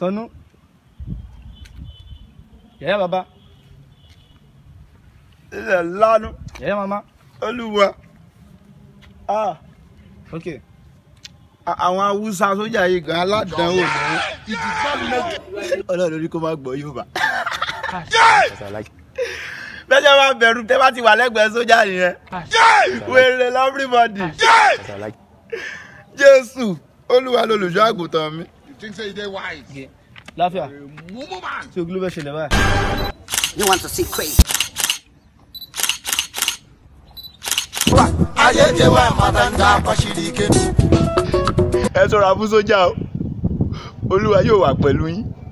Sanu yẹyẹ baba ilẹ̀ lanu yẹyẹ mama olúwa ah ok àwọn haúsá sójà yìí gan aládàáwò lọ́wọ́ ọlọ́run orí kó má gbọ́ yorùbá bẹ́sẹ̀ máa bẹ̀rù tẹ́ bá ti wà lẹ́gbẹ̀ẹ́ sójà nìyẹn wèrè lọ́fíríbọ̀dì jésù olúwa lolùṣọ́ àgùntàn mi think say you dey wise. Yeah. láfíà tí eh, o gbóló bẹ́ẹ̀ ṣẹlẹ̀ báyìí. you want to see crazy. ayé ti wá mọ́tàǹdà pàṣírí ike. ẹ ṣọ́ra fún sójà o olúwa yóò wà pẹ̀lú yín.